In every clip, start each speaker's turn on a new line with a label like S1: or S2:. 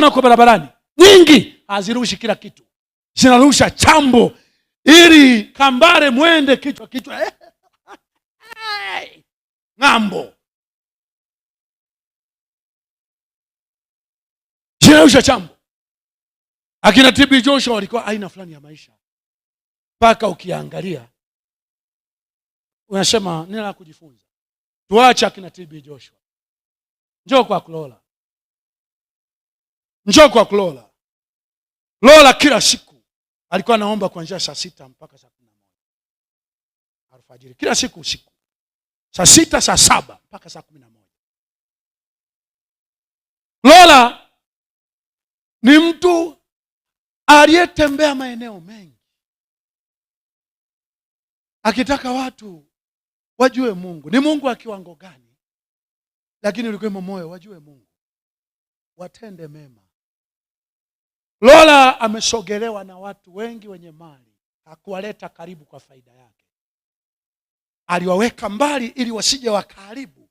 S1: nako barabarani nyingi hazirushi kila kitu, zinarusha chambo ili kambare mwende kichwa kichwa eh. ng'ambo, zinarusha chambo. Akina TB Joshua walikuwa aina fulani ya maisha, mpaka ukiangalia unasema nila kujifunza. Tuache akina TB Joshua, njoo kwa Kulola Njoo kwa Lola. Lola kila siku alikuwa anaomba kuanzia saa sita mpaka saa kumi na moja alfajiri, kila siku usiku, saa sita, saa saba mpaka saa kumi na moja. Lola ni mtu aliyetembea maeneo mengi akitaka watu wajue Mungu ni Mungu wa kiwango gani, lakini ulikuwemo moyo wajue Mungu, watende mema Lola amesogelewa na watu wengi wenye mali, hakuwaleta karibu kwa faida yake, aliwaweka mbali ili wasije wakaribu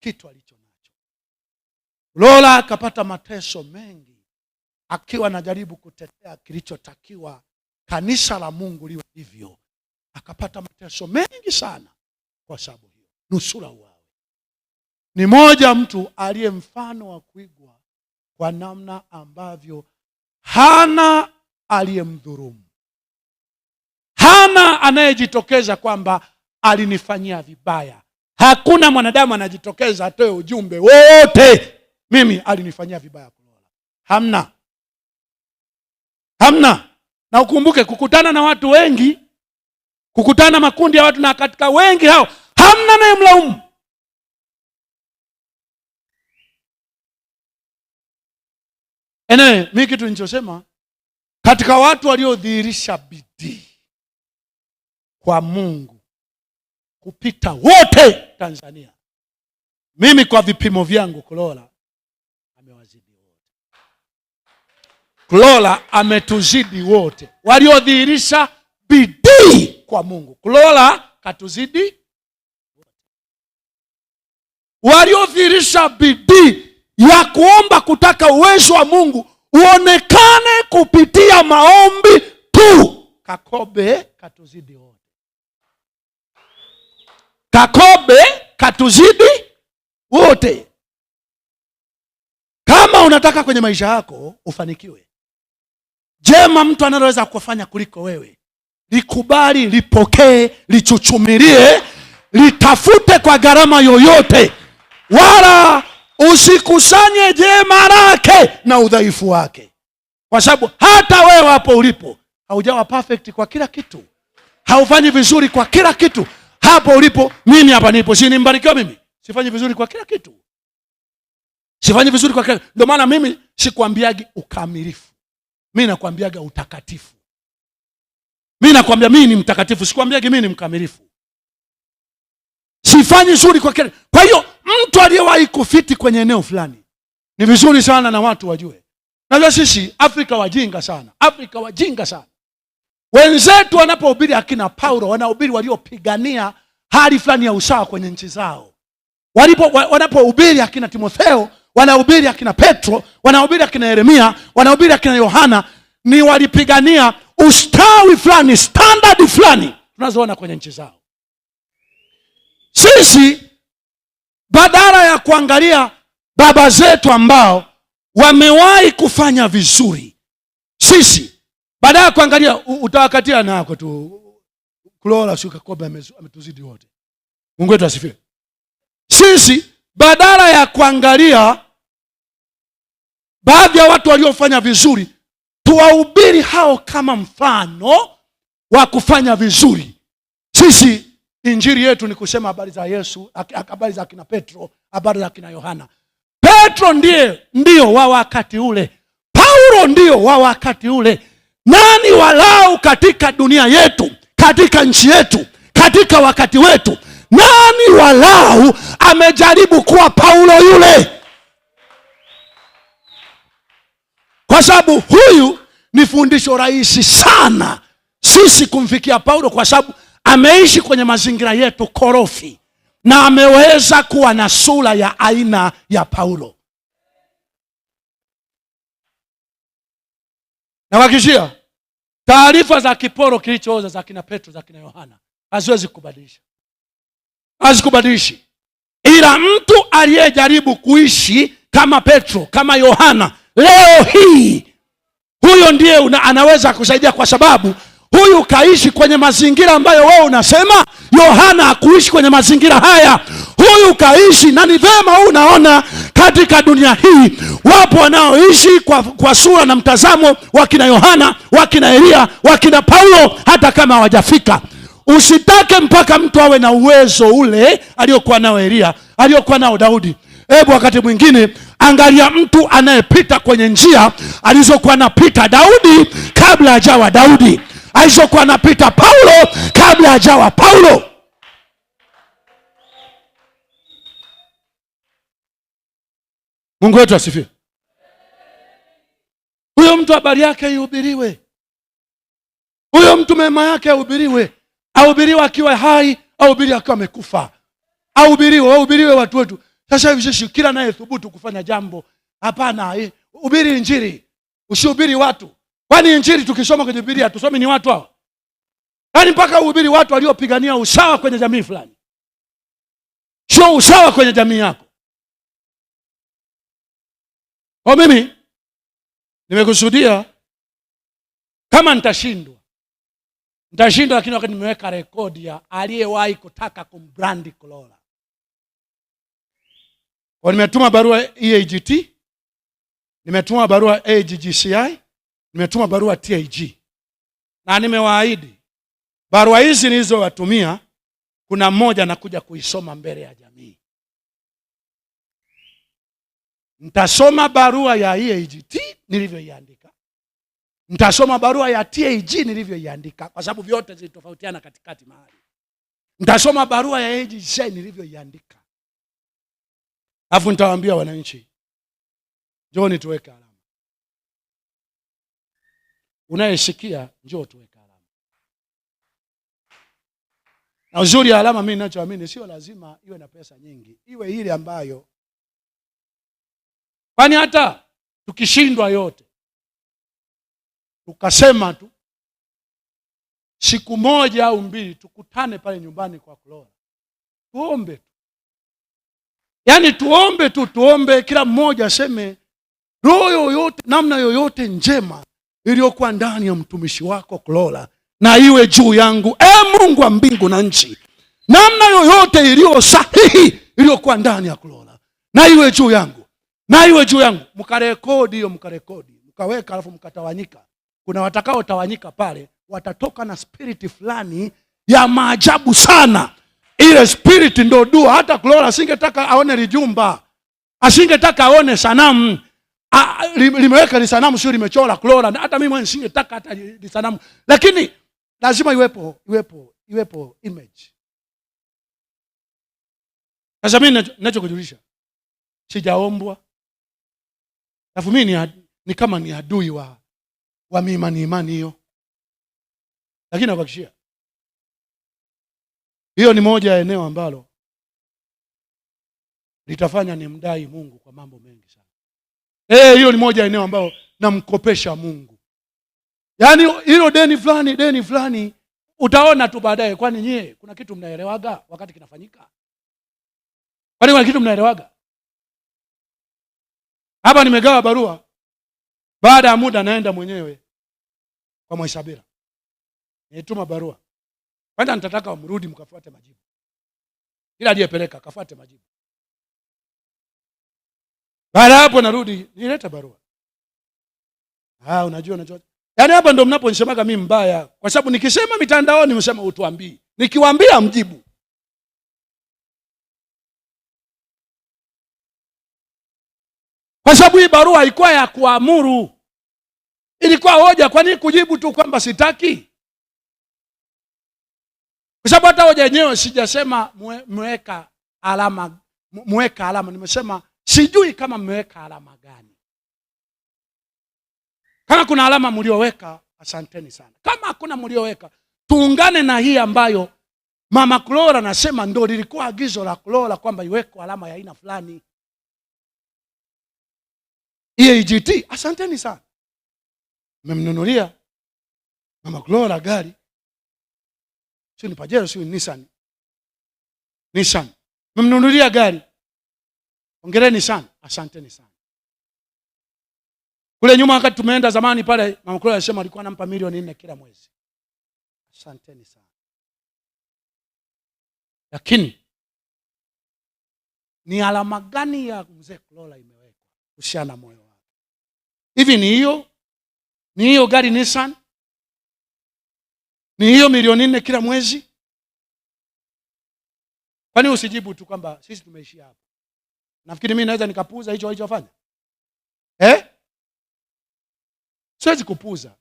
S1: kitu alicho nacho. Lola akapata mateso mengi akiwa anajaribu kutetea kilichotakiwa kanisa la Mungu liwe hivyo, akapata mateso mengi sana kwa sababu hiyo, nusura uwawe Ni moja mtu aliye mfano wa kuigwa kwa namna ambavyo hana aliyemdhurumu, hana anayejitokeza kwamba alinifanyia vibaya. Hakuna mwanadamu anajitokeza atoe ujumbe wote, mimi alinifanyia vibaya Kulola. Hamna, hamna. Na ukumbuke kukutana na watu wengi, kukutana makundi ya watu, na katika wengi hao hamna anayemlaumu Ene, mi kitu nichosema katika watu waliodhihirisha bidii kwa Mungu kupita wote Tanzania, mimi kwa vipimo vyangu Kulola amewazidi wote. Kulola ametuzidi wote, waliodhihirisha bidii kwa Mungu. Kulola katuzidi waliodhihirisha bidii ya kuomba kutaka uwezo wa Mungu uonekane kupitia maombi tu. Kakobe katuzidi wote, Kakobe katuzidi wote. Kama unataka kwenye maisha yako ufanikiwe, jema mtu analoweza kufanya kuliko wewe, likubali, lipokee, lichuchumilie, litafute kwa gharama yoyote, wala usikusanye jema lake na udhaifu wake, kwa sababu hata wewe hapo ulipo haujawa perfect kwa kila kitu, haufanyi vizuri kwa kila kitu. Hapo ulipo mimi hapa nipo, si nimbarikiwa mimi? Sifanyi vizuri kwa kila kitu, sifanyi vizuri kwa kila kitu. Ndio maana mimi sikuambiagi ukamilifu, mi nakwambiaga utakatifu. Mi nakwambia mii ni mtakatifu, sikuambiagi mii ni mkamilifu, sifanyi zuri kwa kila. Kwa hiyo mtu aliyewahi kufiti kwenye eneo fulani ni vizuri sana na watu wajue. Najua sisi Afrika wajinga sana, Afrika wajinga sana. Wenzetu wanapohubiri akina Paulo wanahubiri waliopigania hali fulani ya usawa kwenye nchi zao, wanapohubiri akina Timotheo wanahubiri akina Petro wanahubiri akina Yeremia wanahubiri akina Yohana ni walipigania ustawi fulani, standard fulani tunazoona kwenye nchi zao. Sisi badala ya kuangalia baba zetu ambao wamewahi kufanya vizuri sisi, baadaye ya kuangalia utawakatia nako tu kulola shuka kobe ametuzidi wote. Mungu wetu asifiwe. Sisi badala ya kuangalia baadhi ya watu waliofanya vizuri, tuwahubiri hao kama mfano wa kufanya vizuri. Sisi Injili yetu ni kusema habari za Yesu, habari za kina Petro, habari za kina Yohana. Petro ndiye ndio wa wakati ule, Paulo ndio wa wakati ule. Nani walau katika dunia yetu, katika nchi yetu, katika wakati wetu, nani walau amejaribu kuwa Paulo yule? Kwa sababu huyu ni fundisho rahisi sana sisi kumfikia Paulo, kwa sababu ameishi kwenye mazingira yetu korofi na ameweza kuwa na sura ya aina ya Paulo. Nawakishia taarifa za kiporo kilichooza za kina Petro, za kina Yohana haziwezi kubadilisha, hazikubadilishi, ila mtu aliyejaribu kuishi kama Petro, kama Yohana leo hii, huyo ndiye una, anaweza kusaidia kwa sababu Huyu kaishi kwenye mazingira ambayo wewe unasema Yohana hakuishi kwenye mazingira haya. Huyu kaishi, na ni vema unaona, katika dunia hii wapo wanaoishi kwa, kwa sura na mtazamo wakina Yohana, wakina Elia, wakina Paulo, hata kama hawajafika. Usitake mpaka mtu awe na uwezo ule aliyokuwa nao Elia, aliyokuwa nao Daudi. Hebu wakati mwingine angalia mtu anayepita kwenye njia alizokuwa anapita Daudi kabla hajawa Daudi alizokuwa anapita Paulo kabla hajawa Paulo. Mungu wetu asifie Huyo mtu habari yake ihubiriwe, huyo mtu mema yake ahubiriwe, ahubiriwe akiwa hai, ahubiriwe akiwa amekufa, ahubiriwe, wahubiriwe watu wetu. Sasa hivishishi kila kila thubutu kufanya jambo hapana, ubiri njiri usihubiri watu Kwani injili tukisoma kwenye Biblia tusomi ni watu hao? Yaani mpaka uhubiri watu waliopigania usawa kwenye jamii fulani, sio usawa kwenye jamii yako. Kwa mimi nimekusudia, kama nitashindwa nitashindwa, lakini wakati nimeweka rekodi ya aliyewahi kutaka kumbrandi Corolla. nimetuma barua EAGT, nimetuma barua AGGCI nimetuma barua TIG na nimewaahidi barua hizi nilizowatumia, kuna mmoja nakuja kuisoma mbele ya jamii. Ntasoma barua ya EAGT nilivyoiandika, ntasoma barua ya TAG nilivyoiandika, kwa sababu vyote zilitofautiana katikati mahali. Ntasoma barua ya AGC e nilivyoiandika, alafu nitawaambia wananchi, joni tuweka unayeshikia njoo tuweke alama. Na uzuri ya alama, mimi ninachoamini sio lazima iwe na pesa nyingi, iwe ile ambayo, kwani hata tukishindwa yote tukasema tu siku moja au mbili tukutane pale nyumbani kwa Klora tuombe tu, yaani tuombe tu, tuombe kila mmoja aseme roho yoyote, namna yoyote njema iliyokuwa ndani ya mtumishi wako Klola na iwe juu yangu, e Mungu wa mbingu na nchi. Namna yoyote iliyo sahihi iliyokuwa ndani ya Klola na iwe juu yangu, na iwe juu yangu. Mkarekodi hiyo, mkarekodi mkaweka, alafu mkatawanyika. Kuna watakaotawanyika pale, watatoka na spiriti fulani ya maajabu sana. Ile spiriti ndo dua. Hata Klola asingetaka aone lijumba, asingetaka aone sanamu Ah, ah, limeweka lisanamu sio limechora klora. Hata mimi mwenyewe singetaka hata lisanamu, lakini lazima iwepo, iwepo, iwepo image. Sasa mimi ninachokujulisha, sijaombwa, alafu mimi ni, ni kama ni adui wa wa miimani imani hiyo, lakini nakuhakikishia hiyo ni moja ya eneo ambalo litafanya ni mdai Mungu kwa mambo mengi sana. Eh, hilo ni moja eneo ambayo namkopesha Mungu, yaani hilo deni fulani, deni fulani utaona tu baadaye. Kwani nyie kuna kitu mnaelewaga wakati kinafanyika? Kwani kuna kitu mnaelewaga? Hapa nimegawa barua, baada ya muda naenda mwenyewe kwa Mwaisabira, nilituma barua kwanza, nitataka mrudi mkafuate majibu, kila aliyepeleka kafuate majibu. Baada hapo narudi, nileta barua. Ah, unajua unajua. Yaani hapa ndo mnaponishemaga mimi mbaya kwa sababu nikisema mitandaoni msema utuambii. Nikiwaambia mjibu. Kwa sababu hii barua ilikuwa ya kuamuru. Ilikuwa hoja, kwa nini kujibu tu kwamba sitaki? Kwa sababu hata hoja yenyewe sijasema mweka alama, mweka alama, nimesema Sijui kama mmeweka alama gani. Kama kuna alama mlioweka, asanteni sana. Kama hakuna mlioweka, tuungane na hii ambayo Mama Klora nasema ndo lilikuwa agizo la Klora kwamba iwekwe alama ya aina fulani EAGT. Asanteni sana, mmemnunulia Mama Klora gari, sio ni Pajero, sio Nissan, Nissan, mmemnunulia gari ongereni sana, asanteni sana. Kule nyuma wakati tumeenda zamani pale, mama Kloe alisema alikuwa anampa milioni nne kila mwezi. Asanteni sana, lakini ni alama gani ya mzee Klola imewekwa kuhusiana na moyo wake? Hivi ni hiyo ni hiyo gari Nissan, ni hiyo milioni nne kila mwezi? Kwani usijibu tu kwamba sisi tumeishia hapa? Nafikiri mimi naweza nikapuuza hicho walichofanya eh? Siwezi kupuuza.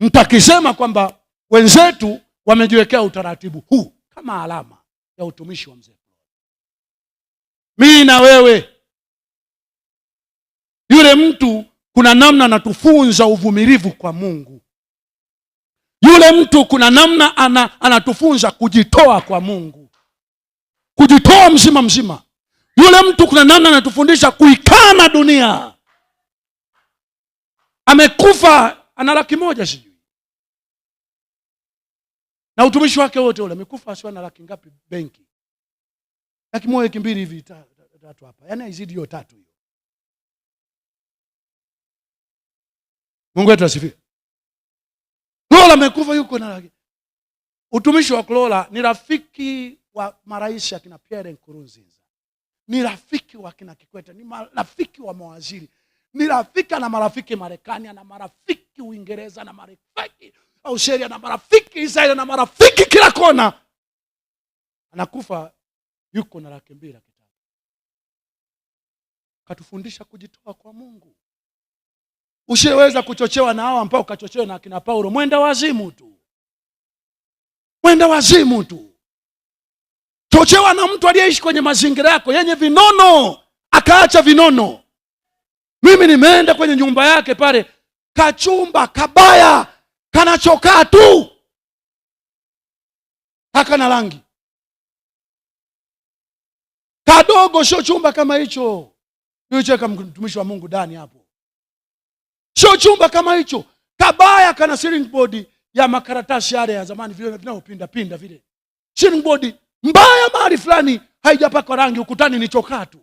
S1: mtakisema kwamba wenzetu wamejiwekea utaratibu huu kama alama ya utumishi wa mzee. Mimi na wewe, yule mtu kuna namna anatufunza uvumilivu kwa Mungu. Yule mtu kuna namna anatufunza kujitoa kwa Mungu, kujitoa mzima mzima yule mtu kuna namna anatufundisha kuikana dunia. Amekufa ana laki moja sijui, na utumishi wake wote ule amekufa, sio ana laki ngapi benki, laki moja laki mbili hivi tatu hapa, yaani haizidi hiyo tatu hiyo. Mungu wetu asifiwe. Lola amekufa yuko na laki. Utumishi wa Lola ni rafiki wa marais akina Pierre Nkurunziza ni rafiki wa kina Kikwete, ni marafiki wa mawaziri, ni rafiki na marafiki Marekani, ana marafiki Uingereza na marafiki Australia na marafiki Israeli na marafiki kila kona. Anakufa yuko na laki mbili laki tatu. Katufundisha kujitoa kwa Mungu. Usiweza kuchochewa na hao ambao ukachochewa na akina Paulo, mwenda wazimu tu, mwenda wazimu tu kuchochewa na mtu aliyeishi kwenye mazingira yako yenye vinono, akaacha vinono. Mimi nimeenda kwenye nyumba yake pale, kachumba kabaya kanachokaa tu, hakana rangi, kadogo, sio chumba kama hicho ilicheka mtumishi wa Mungu dani hapo, sio chumba kama hicho kabaya, kana board ya makaratasi yale ya zamani, vile vinavyopinda pinda vile board mbaya mahali fulani haijapakwa rangi, ukutani ni chokatu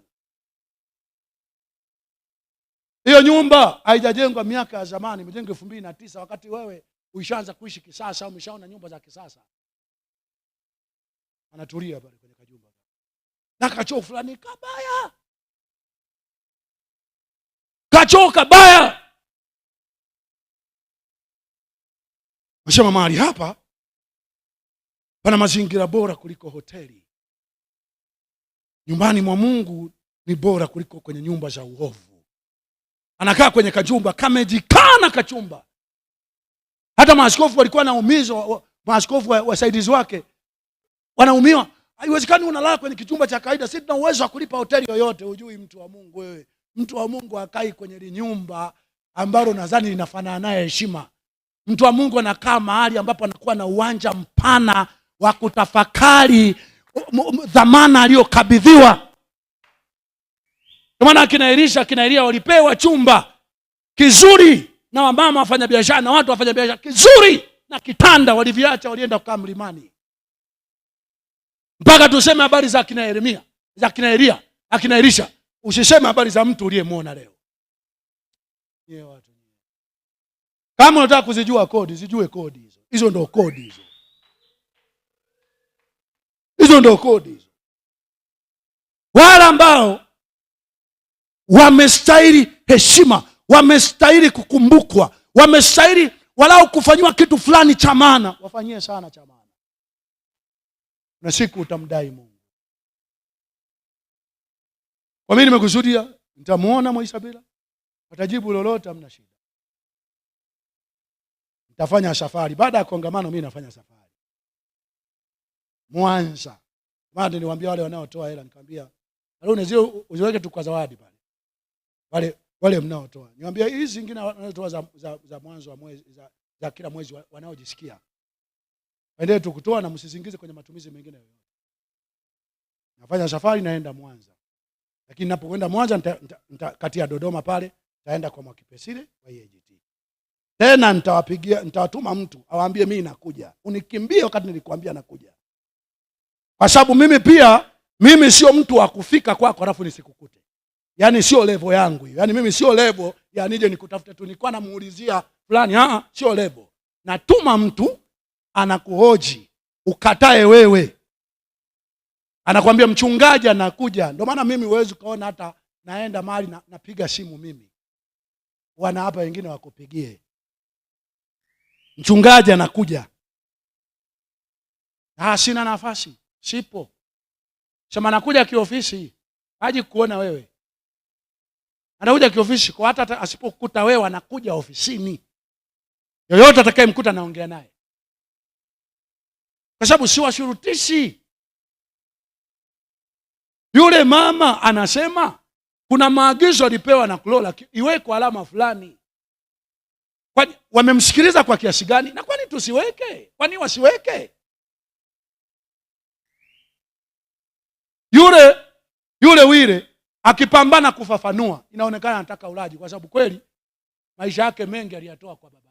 S1: Hiyo nyumba haijajengwa miaka ya zamani, imejengwa elfu mbili na tisa wakati wewe uishaanza kuishi kisasa, umeshaona nyumba za kisasa. Anatulia pale kwenye kajumba na kachoo fulani kabaya, kachoo kabaya, mashema mahali hapa Pana mazingira bora kuliko hoteli. Nyumbani mwa Mungu ni bora kuliko kwenye nyumba za uovu. Anakaa kwenye kajumba kamejikana, kachumba. Hata maaskofu walikuwa naumizwa, maaskofu wasaidizi wake wanaumiwa. Haiwezekani unalala kwenye kichumba cha kawaida. Sisi tuna uwezo wa kulipa hoteli yoyote. Hujui mtu wa Mungu wewe, mtu wa Mungu akai kwenye linyumba ambalo nadhani linafanana naye heshima. Mtu wa Mungu anakaa mahali ambapo anakuwa na uwanja mpana wa kutafakari dhamana aliyokabidhiwa. Ndio maana akina Elisha akina Elia walipewa chumba kizuri na wamama wafanyabiashara na watu wafanya biashara kizuri na kitanda, waliviacha walienda kukaa mlimani. Mpaka tuseme habari za akina Yeremia za akina Elia akina Elisha, usiseme habari za mtu uliyemwona leo. Kama unataka kuzijua kodi, zijue kodi hizo, hizo ndo kodi hizo hizo ndo kodi hizo. Wale ambao wamestahili heshima, wamestahili kukumbukwa, wamestahili walau kufanyiwa kitu fulani cha maana, wafanyie sana cha maana, na siku utamdai Mungu. Kwa mimi nimekusudia, nitamuona Mwaisabila, atajibu lolote, hamna shida. Nitafanya safari baada ya kongamano, mimi nafanya safari Mwanza. Bado niwaambia wale wanaotoa hela nikamwambia, "Haruni zile uziweke tu kwa zawadi pale." Wale wale mnaotoa. Niwaambia hizi zingine wanazotoa za, za, za mwanzo wa mwezi za, za kila mwezi wanaojisikia. Endelee tu kutoa na msizingize kwenye matumizi mengine yoyote. Nafanya safari naenda Mwanza. Lakini ninapokwenda Mwanza nitakatia Dodoma pale, taenda kwa Mwakipesile kwa IAGT. E Tena nitawapigia nitawatuma mtu awaambie mimi nakuja. Unikimbie wakati nilikwambia nakuja kwa sababu mimi pia mimi sio mtu wa kufika kwako alafu nisikukute, yaani sio levo yangu hiyo, yaani mimi sio levo ya nije nikutafute tu, nilikuwa namuulizia fulani. Ah, sio levo. Natuma mtu anakuhoji ukatae wewe, anakwambia mchungaji anakuja. Ndio maana mimi huwezi ukaona hata naenda mahali na, napiga simu mimi, wana hapa wengine wakupigie mchungaji anakuja. Ah, sina nafasi sipo. Sema anakuja kiofisi, haji kuona wewe, anakuja kiofisi kwa hata asipokuta wewe, anakuja ofisini. Yoyote atakayemkuta naongea naye, kwa sababu siwashurutishi. Yule mama anasema kuna maagizo alipewa na Kulola, iweko alama fulani. Wamemsikiliza kwa kiasi gani? Na kwani tusiweke? Kwani wasiweke? Yule yule wile akipambana kufafanua, inaonekana anataka ulaji, kwa sababu kweli maisha yake mengi aliyatoa kwa baba.